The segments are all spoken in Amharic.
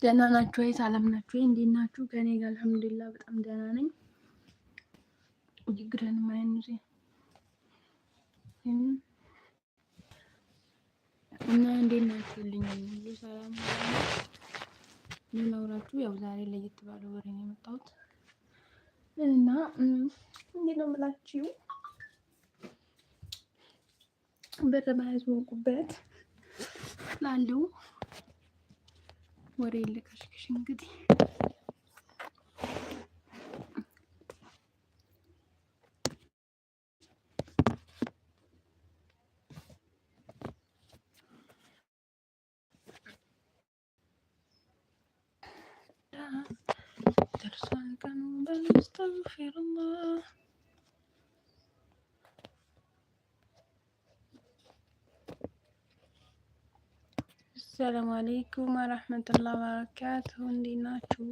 ደህና ናችሁ ወይ? ሰላም ናችሁ ወይ? እንዴት ናችሁ? ከኔ ጋር አልሐምዱሊላህ በጣም ደህና ነኝ። ችግርን ማይኑዜ እና እንዴት ናችሁልኝ? ሁሉ ሰላም ሊኖራችሁ። ያው ዛሬ ለየት ባለ ወሬ ነው የመጣሁት እና እንዴት ነው የምላችሁ ብር መያዝ ወቁበት ላለው ወሬ ልከሽክሽ እንግዲህ ترسل كنوبا نستغفر الله አሰላሙ አለይኩም ወረህመቱላህ በረካቱ እንዴት ናችሁ?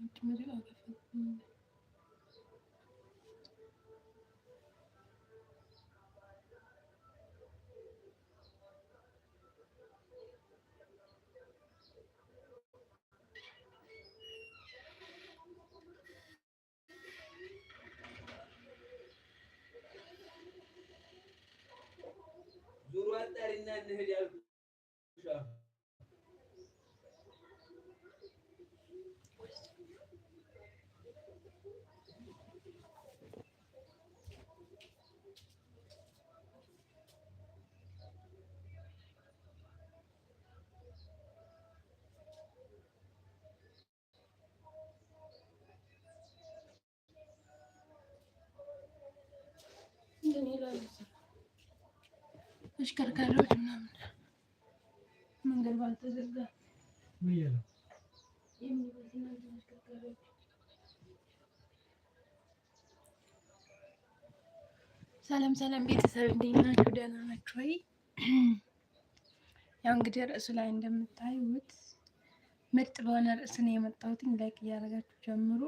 Ultimario a la derinden nehir yavrum. እንትን ምናምን መንገድ ባልተዘጋ ሰላም ሰላም ቤተሰብ እንዴት ናችሁ? ደህና ናችሁ ወይ? ያው እንግዲህ ርዕሱ ላይ እንደምታዩት ምርጥ በሆነ ርዕስ ነው የመጣሁትኝ። ላይክ እያደረጋችሁ ጀምሩ።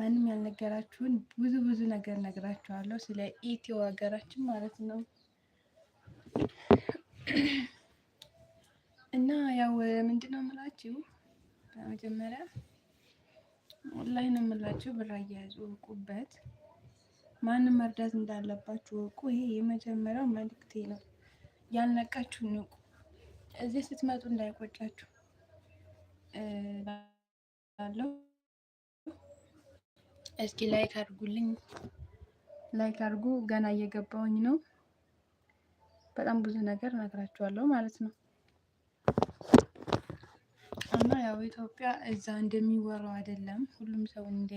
ማንም ያልነገራችሁን ብዙ ብዙ ነገር ነግራችኋለሁ፣ ስለ ኢትዮ ሀገራችን ማለት ነው። እና ያው ምንድን ነው የምላችሁ በመጀመሪያ ወላሂ ነው የምላችሁ፣ ብር አያያዙ እወቁበት። ማንም መርዳት እንዳለባችሁ እወቁ። ይሄ የመጀመሪያው መልእክቴ ነው። ያልነቃችሁ ንቁ። እዚህ ስትመጡ እንዳይቆጫችሁ ላለው እስኪ ላይክ አድርጉልኝ፣ ላይክ አድርጉ። ገና እየገባውኝ ነው። በጣም ብዙ ነገር ነግራችኋለሁ ማለት ነው። እና ያው ኢትዮጵያ እዛ እንደሚወራው አይደለም። ሁሉም ሰው እንደ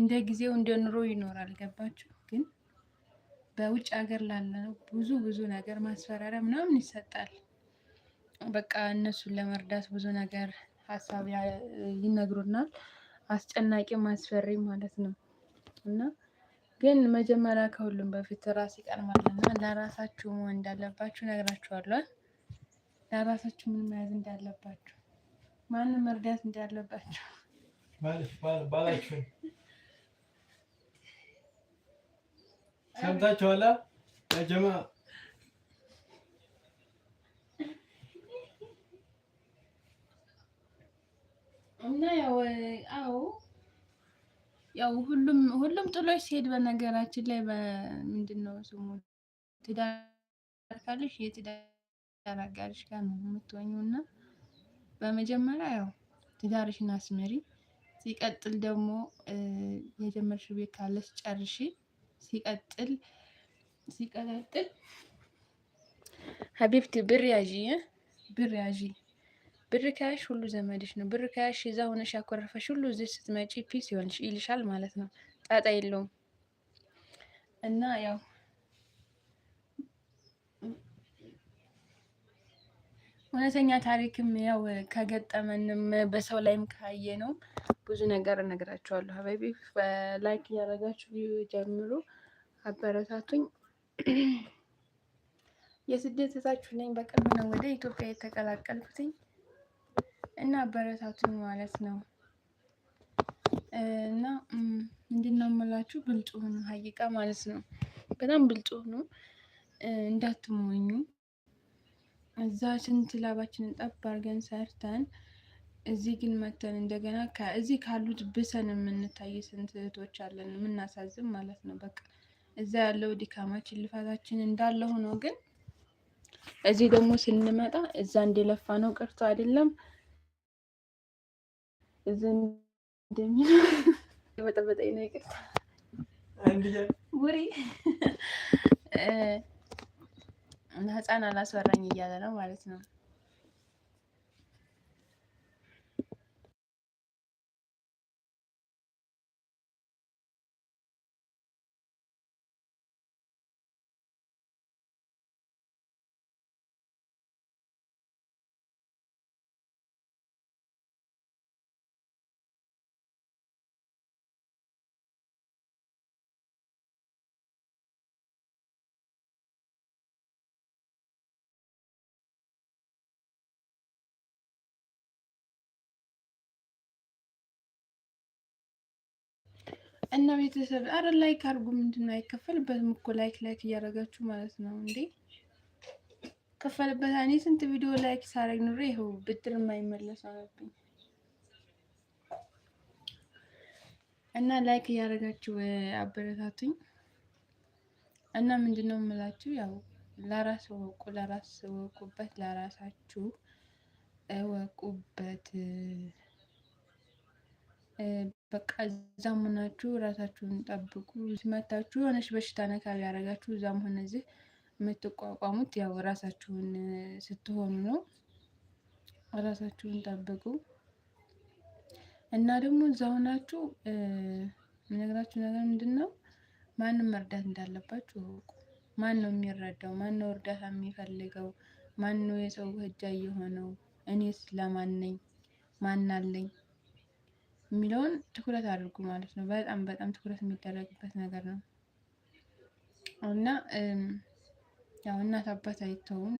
እንደ ጊዜው እንደ ኑሮ ይኖራል። ገባችሁ? ግን በውጭ ሀገር ላለነው ብዙ ብዙ ነገር ማስፈራሪያ ምናምን ይሰጣል። በቃ እነሱን ለመርዳት ብዙ ነገር ሀሳብ ይነግሩናል። አስጨናቂም አስፈሪ ማለት ነው እና ግን መጀመሪያ ከሁሉም በፊት ራስ ይቀድማል እና ለራሳችሁ መሆን እንዳለባችሁ ነግራችኋለሁ። ለራሳችሁ ምን መያዝ እንዳለባችሁ፣ ማንም መርዳት እንዳለባችሁ ሰምታችኋላ ጀማ እና ያው አዎ ያው ሁሉም ሁሉም ጥሎች ሲሄድ በነገራችን ላይ ምንድን ነው ስሙ ትዳር ካለሽ የትዳር አጋርሽ ጋር ነው የምትሆኚው እና በመጀመሪያ ያው ትዳርሽን አስመሪ። ሲቀጥል ደግሞ የጀመርሽ ቤት ካለሽ ጨርሺ። ሲቀጥል ሲቀጥል ሀቢብቲ ብር ያዢ ብር ያዢ ብር ከያሽ ሁሉ ዘመድሽ ነው። ብር ከያሽ ይዛ ሆነሽ ያኮረፈሽ ሁሉ እዚህ ስትመጪ ፒስ ይሆንሽ ይልሻል ማለት ነው። ጣጣ የለውም እና ያው እውነተኛ ታሪክም ያው ከገጠመንም በሰው ላይም ካየ ነው ብዙ ነገር እነግራችኋለሁ። ሀበቢ ላይክ እያደረጋችሁ ጀምሩ፣ አበረታቱኝ። የስደት እህታችሁ ነኝ። በቅርብ ነው ወደ ኢትዮጵያ የተቀላቀልኩትኝ። እና አበረታቱን ማለት ነው። እና እንድናመላችሁ ብልጡ ሁኑ ሀቂቃ ማለት ነው። በጣም ብልጡ ሁኑ፣ እንዳትሞኙ። እዛ ስንት ላባችንን ጠብ አድርገን ሰርተን እዚህ ግን መተን እንደገና እዚህ ካሉት ብሰን የምንታይ ስንት እህቶች አለን፣ የምናሳዝን ማለት ነው። በቃ እዛ ያለው ድካማችን ልፋታችን እንዳለ ሆኖ ግን እዚህ ደግሞ ስንመጣ እዛ እንደለፋ ነው ቀርቶ አይደለም እንደሚለው የመጠበጠኝ ነው። ይቅርታ ውሪ ህፃን አላስወራኝ እያለ ነው ማለት ነው። እና ቤተሰብ አረ ላይክ አድርጉ። ምንድነው አይከፈልበት አይከፈልበትም እኮ ላይክ ላይክ እያደረጋችሁ ማለት ነው እንዴ? ከፈልበት እኔ ስንት ቪዲዮ ላይክ ሳረግ ኑሮ ይኸው ብድር የማይመለስ አለብኝ። እና ላይክ እያደረጋችሁ አበረታቱኝ። እና ምንድነው ነው የምላችሁ ያው ለራስ ወቁ፣ ለራስ ወቁበት፣ ለራሳችሁ እወቁበት። በቃ እዛም ሆናችሁ ራሳችሁን ጠብቁ። ሲመታችሁ የሆነች በሽታ ነካ ሊያደርጋችሁ እዛም ሆነ እዚህ የምትቋቋሙት ያው ራሳችሁን ስትሆኑ ነው። ራሳችሁን ጠብቁ እና ደግሞ እዛ ሆናችሁ የምነግራችሁ ነገር ምንድን ነው፣ ማንም መርዳት እንዳለባችሁ እወቁ። ማን ነው የሚረዳው? ማን ነው እርዳታ የሚፈልገው? ማን ነው የሰው እጃ የሆነው? እኔስ ለማን ነኝ? ማን አለኝ? የሚለውን ትኩረት አድርጉ ማለት ነው። በጣም በጣም ትኩረት የሚደረግበት ነገር ነው እና ያው እናት አባት አይተውም።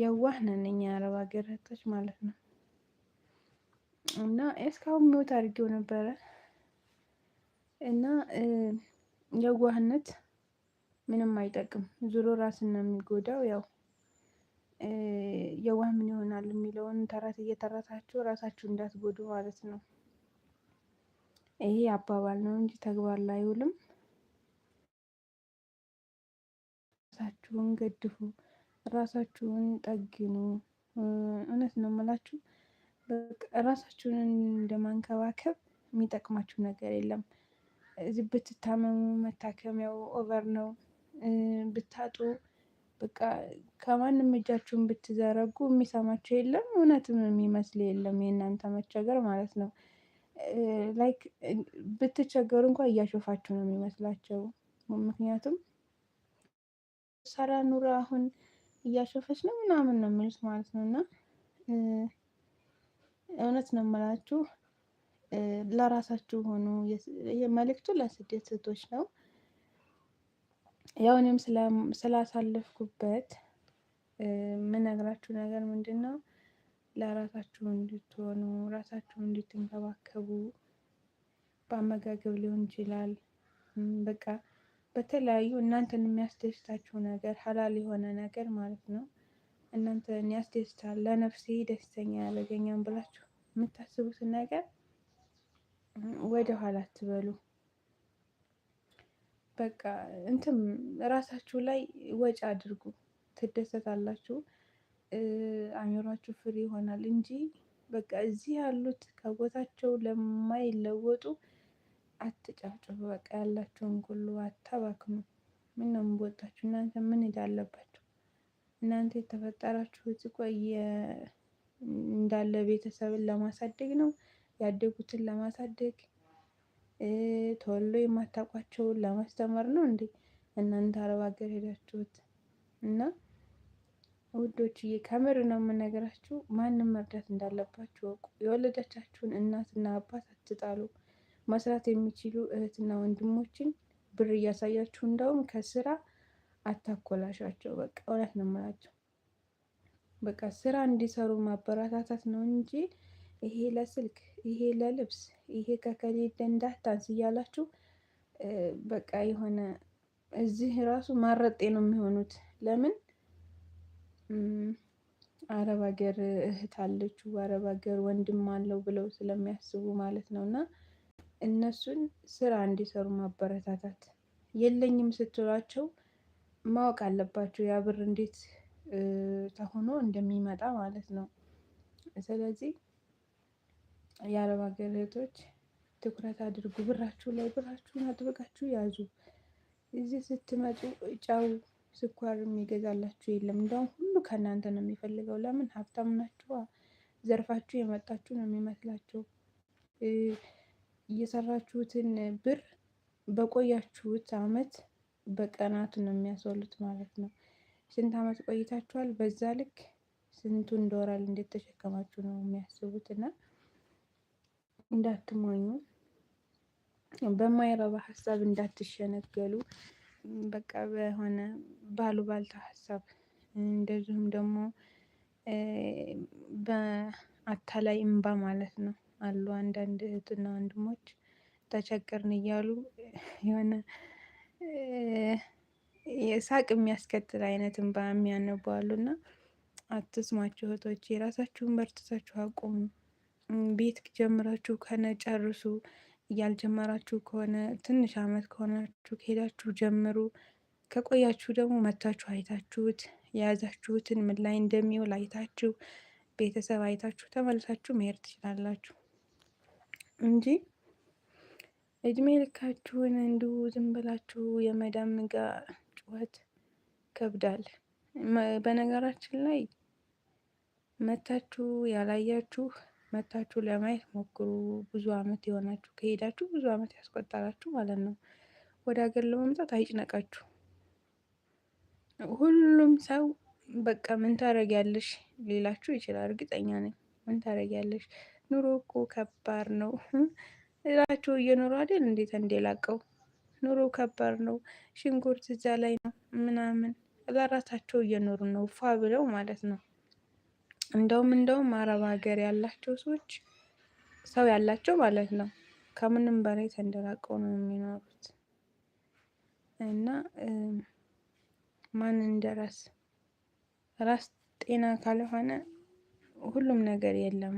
የዋህ ነን እኛ ሀገር እህቶች ማለት ነው። እና እስካሁን ሚወት አድርጌው ነበረ እና የዋህነት ምንም አይጠቅም፣ ዙሮ ራስን ነው የሚጎዳው። ያው የዋህ ምን ይሆናል የሚለውን ተረት እየተረታችሁ ራሳችሁ እንዳትጎዱ ማለት ነው። ይሄ አባባል ነው እንጂ ተግባር ላይ አይውልም። ራሳችሁን ገድፉ። ራሳችሁን ጠግኑ። እውነት ነው የምላችሁ ራሳችሁን እንደማንከባከብ የሚጠቅማችሁ ነገር የለም። እዚህ ብትታመሙ መታከሚያው ኦቨር ነው። ብታጡ በቃ ከማንም እጃችሁን ብትዘረጉ የሚሰማችሁ የለም። እውነትም የሚመስል የለም የእናንተ መቸገር ማለት ነው። ላይክ ብትቸገሩ እንኳ እያሾፋችሁ ነው የሚመስላቸው። ምክንያቱም ሰራ ኑሮ አሁን እያሾፈች ነው ምናምን ነው የሚሉት ማለት ነው። እና እውነት ነው የምላችሁ ለራሳችሁ ሆኑ። መልእክቱ ለስደት እህቶች ነው። ያው እኔም ስላሳለፍኩበት የምነግራችሁ ነገር ምንድን ነው፣ ለራሳችሁ እንድትሆኑ ራሳችሁ እንድትንከባከቡ በአመጋገብ ሊሆን ይችላል በቃ በተለያዩ እናንተን የሚያስደስታችሁ ነገር ሀላል የሆነ ነገር ማለት ነው። እናንተን ያስደስታል፣ ለነፍሴ ደስተኛ ያደረገኛም ብላችሁ የምታስቡትን ነገር ወደ ኋላ አትበሉ። በቃ እንትም እራሳችሁ ላይ ወጪ አድርጉ፣ ትደሰታላችሁ። አእምሯችሁ ፍሪ ይሆናል እንጂ በቃ እዚህ ያሉት ከቦታቸው ለማይለወጡ አትጨፍጭፉ። በቃ ያላችሁን ሁሉ አታባክኑ። ምን ነው የምወጣችሁ እናንተ ምን አለባችሁ? እናንተ የተፈጠራችሁት ቆየ እንዳለ ቤተሰብን ለማሳደግ ነው ያደጉትን ለማሳደግ ተወሎ የማታውቋቸውን ለማስተማር ነው እንዴ እናንተ አረብ ሀገር ሄዳችሁት እና ውዶችዬ ከምር ነው የምነግራችሁ። ማንም መርዳት እንዳለባችሁ እወቁ። የወለደቻችሁን እናትና አባት አትጣሉ። መስራት የሚችሉ እህትና ወንድሞችን ብር እያሳያችሁ እንደውም ከስራ አታኮላሻቸው። በቃ እውነት ነው የምላቸው። በቃ ስራ እንዲሰሩ ማበረታታት ነው እንጂ ይሄ ለስልክ፣ ይሄ ለልብስ፣ ይሄ ከከሌ እንዳታንስ እያላችሁ በቃ የሆነ እዚህ ራሱ ማረጤ ነው የሚሆኑት። ለምን አረብ ሀገር እህት አለችው አረብ ሀገር ወንድም አለው ብለው ስለሚያስቡ ማለት ነው እና እነሱን ስራ እንዲሰሩ ማበረታታት የለኝም ስትሏቸው ማወቅ አለባቸው ያ ብር እንዴት ተሆኖ እንደሚመጣ ማለት ነው። ስለዚህ የአረብ ሀገር እህቶች ትኩረት አድርጉ፣ ብራችሁ ላይ ብራችሁን አጥብቃችሁ ያዙ። እዚህ ስትመጡ ጫው ስኳር የሚገዛላችሁ የለም። እንደውም ሁሉ ከእናንተ ነው የሚፈልገው። ለምን ሀብታም ናችሁ፣ ዘርፋችሁ የመጣችሁ ነው የሚመስላችሁ። እየሰራችሁትን ብር በቆያችሁት አመት በቀናቱ ነው የሚያስወሉት ማለት ነው። ስንት አመት ቆይታችኋል? በዛ ልክ ስንቱን ዶላር እንዴት ተሸከማችሁ ነው የሚያስቡት። እና እንዳትሟኙ፣ በማይረባ ሀሳብ እንዳትሸነገሉ፣ በቃ በሆነ ባሉ ባልታ ሀሳብ እንደዚሁም ደግሞ በአታላይ እምባ ማለት ነው አሉ አንዳንድ እህትና ወንድሞች ተቸገርን እያሉ የሆነ ሳቅ የሚያስከትል አይነት እንባ የሚያነቡ አሉና አትስማቸው እህቶች፣ የራሳችሁን በርትታችሁ አቁሙ። ቤት ጀምራችሁ ከነ ጨርሱ። እያልጀመራችሁ ከሆነ ትንሽ አመት ከሆናችሁ ከሄዳችሁ ጀምሩ። ከቆያችሁ ደግሞ መታችሁ አይታችሁት የያዛችሁትን ምን ላይ እንደሚውል አይታችሁ ቤተሰብ አይታችሁ ተመልሳችሁ መሄድ ትችላላችሁ። እንጂ እድሜ ልካችሁን እንዲሁ ዝም ብላችሁ የመዳም ጋ ጩኸት ከብዳል። በነገራችን ላይ መታችሁ ያላያችሁ መታችሁ ለማየት ሞክሩ። ብዙ አመት የሆናችሁ ከሄዳችሁ ብዙ አመት ያስቆጠራችሁ ማለት ነው። ወደ ሀገር ለመምጣት አይጭነቃችሁ። ሁሉም ሰው በቃ ምን ያለሽ ሊላችሁ ይችላል። እርግጠኛ ነኝ ምን ያለሽ? ኑሮ እኮ ከባድ ነው እላቸው እየኖሩ አይደል? እንዴት እንደላቀው ኑሮ ከባድ ነው፣ ሽንኩርት እዛ ላይ ነው ምናምን ለራሳቸው እየኖሩ ነው ፏ ብለው ማለት ነው። እንደውም እንደውም አረብ ሀገር ያላቸው ሰዎች ሰው ያላቸው ማለት ነው ከምንም በላይ ተንደላቀው ነው የሚኖሩት። እና ማን እንደራስ ራስ ጤና ካልሆነ ሁሉም ነገር የለም።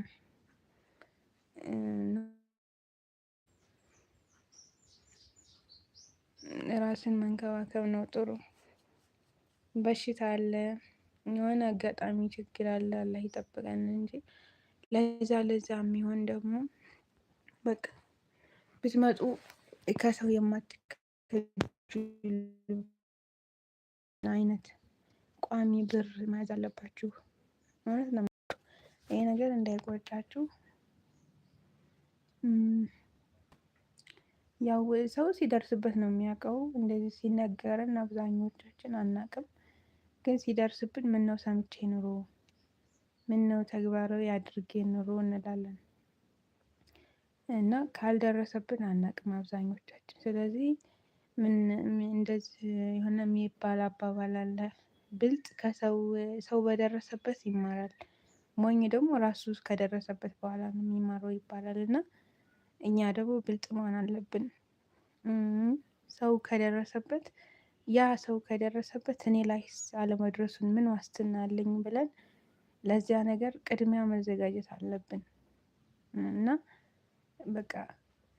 ራስን መንከባከብ ነው ጥሩ። በሽታ አለ፣ የሆነ አጋጣሚ ችግር አለ። አላህ ይጠብቀን እንጂ ለዛ ለዛ የሚሆን ደግሞ በቃ ብትመጡ ከሰው የማትከሉ አይነት ቋሚ ብር መያዝ አለባችሁ ማለት ነው። ይሄ ነገር እንዳይቆጫችሁ ያው ሰው ሲደርስበት ነው የሚያውቀው። እንደዚህ ሲነገረን አብዛኞቻችን አናቅም፣ ግን ሲደርስብን ምን ነው ሰምቼ ኑሮ ምን ነው ተግባራዊ አድርጌ ኑሮ እንላለን እና ካልደረሰብን አናቅም አብዛኞቻችን። ስለዚህ ምን እንደዚህ የሆነ የሚባል አባባል አለ፣ ብልጥ ከሰው ሰው በደረሰበት ይማራል፣ ሞኝ ደግሞ ራሱ ከደረሰበት በኋላ ነው የሚማረው ይባላል እና እኛ ደግሞ ብልጥ መሆን አለብን። ሰው ከደረሰበት ያ ሰው ከደረሰበት እኔ ላይ አለመድረሱን ምን ዋስትና አለኝ ብለን ለዚያ ነገር ቅድሚያ መዘጋጀት አለብን እና በቃ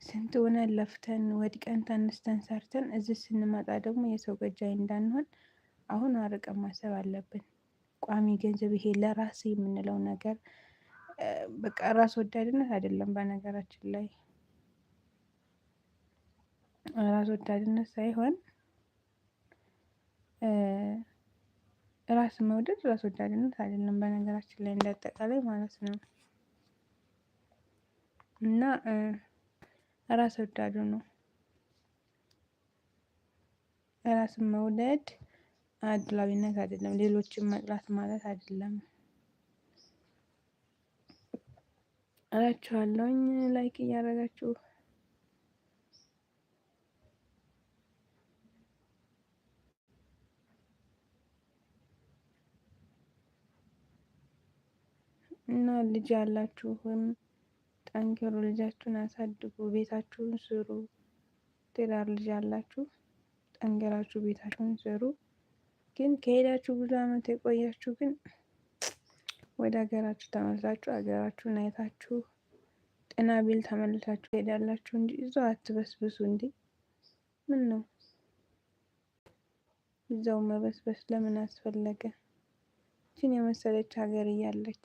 ስንት ሆነን ለፍተን ወድቀን ተነስተን ሰርተን እዚህ ስንመጣ ደግሞ የሰው ገጃይ እንዳንሆን አሁን አርቀን ማሰብ አለብን። ቋሚ ገንዘብ ይሄ ለራስ የምንለው ነገር በቃ ራስ ወዳድነት አይደለም በነገራችን ላይ ራስ ወዳድነት ሳይሆን ራስ መውደድ ራስ ወዳድነት አይደለም፣ በነገራችን ላይ እንዳጠቃላይ ማለት ነው። እና ራስ ወዳዱ ነው። ራስን መውደድ አድላዊነት አይደለም፣ ሌሎችን መጥላት ማለት አይደለም እላችኋለሁኝ። ላይክ እያደረጋችሁ እና ልጅ ያላችሁም ጠንክሩ፣ ልጃችሁን አሳድጉ፣ ቤታችሁን ስሩ። ትዳር ልጅ ያላችሁ ጠንክራችሁ ቤታችሁን ስሩ። ግን ከሄዳችሁ ብዙ አመት የቆያችሁ ግን ወደ ሀገራችሁ ተመልሳችሁ ሀገራችሁን አይታችሁ ጤና ቢል ተመልሳችሁ ሄዳላችሁ እንጂ እዛው አትበስብሱ። እንዲ ምን ነው እዛው መበስበስ ለምን አስፈለገ? ይችን የመሰለች ሀገር እያለች